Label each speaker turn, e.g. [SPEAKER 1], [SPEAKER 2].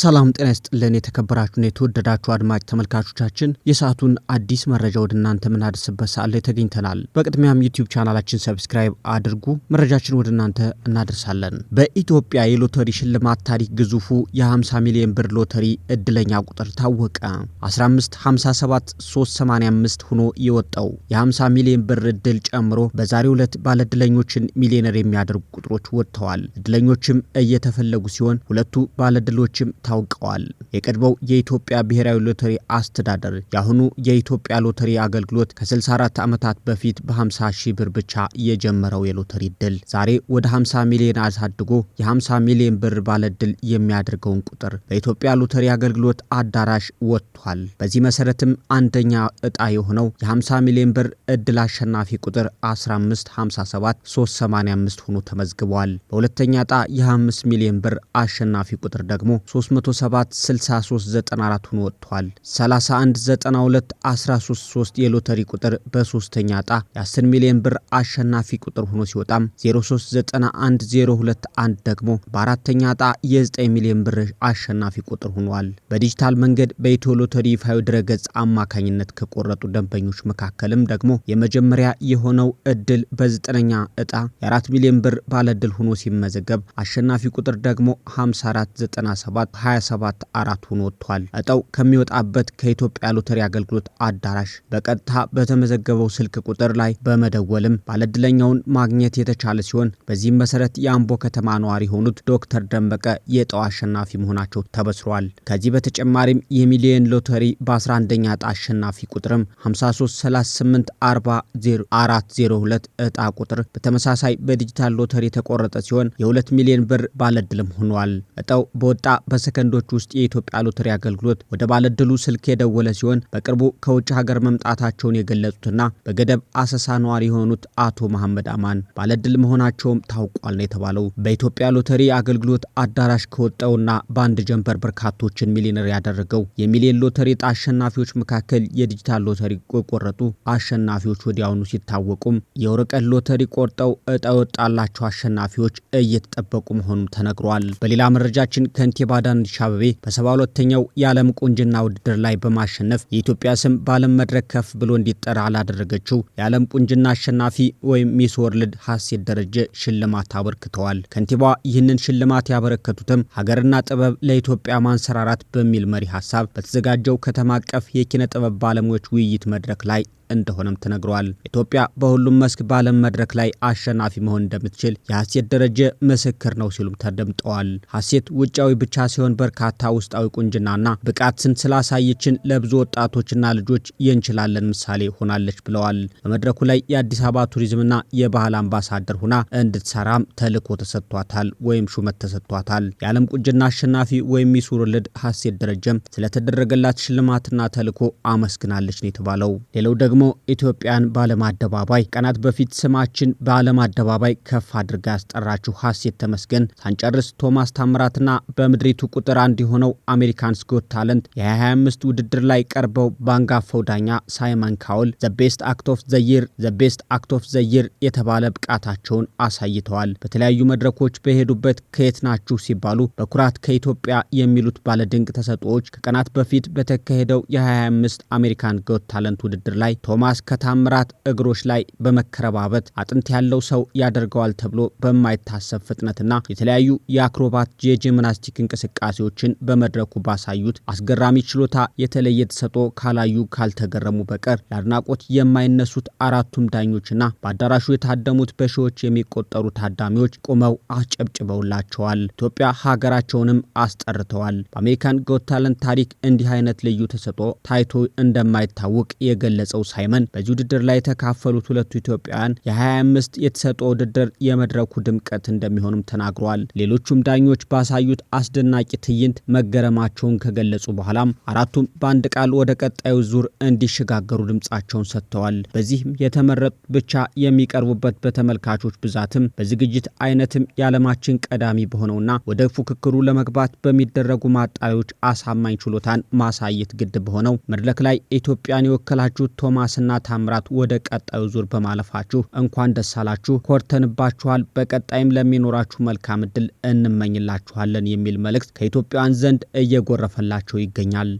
[SPEAKER 1] ሰላም ጤና ይስጥልን። የተከበራችሁን የተወደዳችሁ አድማጭ ተመልካቾቻችን የሰዓቱን አዲስ መረጃ ወደ እናንተ የምናደርስበት ሰዓት ላይ ተገኝተናል። በቅድሚያም ዩቲዩብ ቻናላችን ሰብስክራይብ አድርጉ፣ መረጃችን ወደ እናንተ እናደርሳለን። በኢትዮጵያ የሎተሪ ሽልማት ታሪክ ግዙፉ የ50 ሚሊዮን ብር ሎተሪ እድለኛ ቁጥር ታወቀ። 1557385 ሆኖ የወጣው የ50 ሚሊዮን ብር እድል ጨምሮ በዛሬው ዕለት ባለእድለኞችን ሚሊዮነር የሚያደርጉ ቁጥሮች ወጥተዋል። እድለኞችም እየተፈለጉ ሲሆን ሁለቱ ባለድሎችም። ታውቀዋል። የቀድሞው የኢትዮጵያ ብሔራዊ ሎተሪ አስተዳደር የአሁኑ የኢትዮጵያ ሎተሪ አገልግሎት ከ64 ዓመታት በፊት በ50 ሺህ ብር ብቻ የጀመረው የሎተሪ እድል ዛሬ ወደ 50 ሚሊዮን አሳድጎ የ50 ሚሊዮን ብር ባለድል የሚያደርገውን ቁጥር በኢትዮጵያ ሎተሪ አገልግሎት አዳራሽ ወጥቷል። በዚህ መሰረትም አንደኛ እጣ የሆነው የ50 ሚሊዮን ብር እድል አሸናፊ ቁጥር 1557385 ሆኖ ተመዝግቧል። በሁለተኛ እጣ የ5 ሚሊዮን ብር አሸናፊ ቁጥር ደግሞ 307 6394 ሆኖ ወጥቷል። 31 92 133 የሎተሪ ቁጥር በሶስተኛ ዕጣ የ10 ሚሊዮን ብር አሸናፊ ቁጥር ሆኖ ሲወጣም 0391 021 ደግሞ በአራተኛ ዕጣ የ9 ሚሊዮን ብር አሸናፊ ቁጥር ሆኗል። በዲጂታል መንገድ በኢትዮ ሎተሪ ይፋዊ ድረገጽ አማካኝነት ከቆረጡ ደንበኞች መካከልም ደግሞ የመጀመሪያ የሆነው እድል በዘጠነኛ ዕጣ የ4 ሚሊዮን ብር ባለ እድል ሆኖ ሲመዘገብ አሸናፊ ቁጥር ደግሞ 54 97 27 አራት ሆኖ ወጥቷል። እጣው ከሚወጣበት ከኢትዮጵያ ሎተሪ አገልግሎት አዳራሽ በቀጥታ በተመዘገበው ስልክ ቁጥር ላይ በመደወልም ባለድለኛውን ማግኘት የተቻለ ሲሆን በዚህም መሰረት የአምቦ ከተማ ነዋሪ የሆኑት ዶክተር ደመቀ የእጣው አሸናፊ መሆናቸው ተበስሯል። ከዚህ በተጨማሪም የሚሊየን ሎተሪ በ11ኛ እጣ አሸናፊ ቁጥርም 5338400402 እጣ ቁጥር በተመሳሳይ በዲጂታል ሎተሪ የተቆረጠ ሲሆን የ2 ሚሊዮን ብር ባለድልም ሆኗል። እጣው በወጣ በ ሰከንዶች ውስጥ የኢትዮጵያ ሎተሪ አገልግሎት ወደ ባለድሉ ስልክ የደወለ ሲሆን በቅርቡ ከውጭ ሀገር መምጣታቸውን የገለጹትና በገደብ አሰሳ ነዋሪ የሆኑት አቶ መሐመድ አማን ባለድል መሆናቸውም ታውቋል ነው የተባለው። በኢትዮጵያ ሎተሪ አገልግሎት አዳራሽ ከወጣውና በአንድ ጀንበር በርካቶችን ሚሊዮነር ያደረገው የሚሊዮን ሎተሪ ዕጣ አሸናፊዎች መካከል የዲጂታል ሎተሪ የቆረጡ አሸናፊዎች ወዲያውኑ ሲታወቁም የወረቀት ሎተሪ ቆርጠው ዕጣ የወጣላቸው አሸናፊዎች እየተጠበቁ መሆኑ ተነግሯል። በሌላ መረጃችን ከንቲባ ዳንሻ አበቤ በሰባ ሁለተኛው የዓለም ቁንጅና ውድድር ላይ በማሸነፍ የኢትዮጵያ ስም በዓለም መድረክ ከፍ ብሎ እንዲጠራ ላደረገችው የዓለም ቁንጅና አሸናፊ ወይም ሚስ ወርልድ ሀሴት ደረጀ ሽልማት አበርክተዋል። ከንቲባ ይህንን ሽልማት ያበረከቱትም ሀገርና ጥበብ ለኢትዮጵያ ማንሰራራት በሚል መሪ ሀሳብ በተዘጋጀው ከተማ አቀፍ የኪነ ጥበብ ባለሙያዎች ውይይት መድረክ ላይ እንደሆነም ተነግሯል። ኢትዮጵያ በሁሉም መስክ በዓለም መድረክ ላይ አሸናፊ መሆን እንደምትችል የሀሴት ደረጀ ምስክር ነው ሲሉም ተደምጠዋል። ሀሴት ውጫዊ ብቻ ሲሆን በርካታ ውስጣዊ ቁንጅናና ብቃትን ስላሳየችን ለብዙ ወጣቶችና ልጆች የእንችላለን ምሳሌ ሆናለች ብለዋል። በመድረኩ ላይ የአዲስ አበባ ቱሪዝምና የባህል አምባሳደር ሁና እንድትሰራም ተልዕኮ ተሰጥቷታል ወይም ሹመት ተሰጥቷታል። የዓለም ቁንጅና አሸናፊ ወይም ሚስ ወርልድ ሀሴት ደረጀም ስለተደረገላት ሽልማትና ተልዕኮ አመስግናለች ነው የተባለው። ሌላው ደግሞ ደግሞ ኢትዮጵያን በዓለም አደባባይ ቀናት በፊት ስማችን በዓለም አደባባይ ከፍ አድርጋ ያስጠራችው ሀሴት ተመስገን ሳንጨርስ ቶማስ ታምራትና በምድሪቱ ቁጥር አንድ የሆነው አሜሪካንስ ጎት ታለንት የ25 ውድድር ላይ ቀርበው በአንጋፋው ዳኛ ሳይመን ካውል ዘቤስት አክት ኦፍ ዘይር ዘቤስት አክት ኦፍ ዘይር የተባለ ብቃታቸውን አሳይተዋል። በተለያዩ መድረኮች በሄዱበት ከየት ናችሁ ሲባሉ በኩራት ከኢትዮጵያ የሚሉት ባለድንቅ ተሰጥኦዎች ከቀናት በፊት በተካሄደው የ25 አሜሪካን ጎት ታለንት ውድድር ላይ ቶማስ ከታምራት እግሮች ላይ በመከረባበት አጥንት ያለው ሰው ያደርገዋል ተብሎ በማይታሰብ ፍጥነትና የተለያዩ የአክሮባት የጂምናስቲክ እንቅስቃሴዎችን በመድረኩ ባሳዩት አስገራሚ ችሎታ የተለየ ተሰጦ ካላዩ ካልተገረሙ በቀር ለአድናቆት የማይነሱት አራቱም ዳኞችና በአዳራሹ የታደሙት በሺዎች የሚቆጠሩ ታዳሚዎች ቆመው አጨብጭበውላቸዋል። ኢትዮጵያ ሀገራቸውንም አስጠርተዋል። በአሜሪካን ጎታለን ታሪክ እንዲህ አይነት ልዩ ተሰጦ ታይቶ እንደማይታወቅ የገለጸው ሳይመን። በዚህ ውድድር ላይ የተካፈሉት ሁለቱ ኢትዮጵያውያን የ25 የተሰጦ ውድድር የመድረኩ ድምቀት እንደሚሆኑም ተናግረዋል። ሌሎቹም ዳኞች ባሳዩት አስደናቂ ትዕይንት መገረማቸውን ከገለጹ በኋላም አራቱም በአንድ ቃል ወደ ቀጣዩ ዙር እንዲሸጋገሩ ድምጻቸውን ሰጥተዋል። በዚህም የተመረጡት ብቻ የሚቀርቡበት በተመልካቾች ብዛትም በዝግጅት አይነትም የዓለማችን ቀዳሚ በሆነውና ወደ ፉክክሩ ለመግባት በሚደረጉ ማጣሪያዎች አሳማኝ ችሎታን ማሳየት ግድ በሆነው መድረክ ላይ ኢትዮጵያን የወከላችሁት ቶማስ ዮናስና ታምራት ወደ ቀጣዩ ዙር በማለፋችሁ እንኳን ደስ አላችሁ፣ ኮርተንባችኋል። በቀጣይም ለሚኖራችሁ መልካም እድል እንመኝላችኋለን የሚል መልእክት ከኢትዮጵያውያን ዘንድ እየጎረፈላቸው ይገኛል።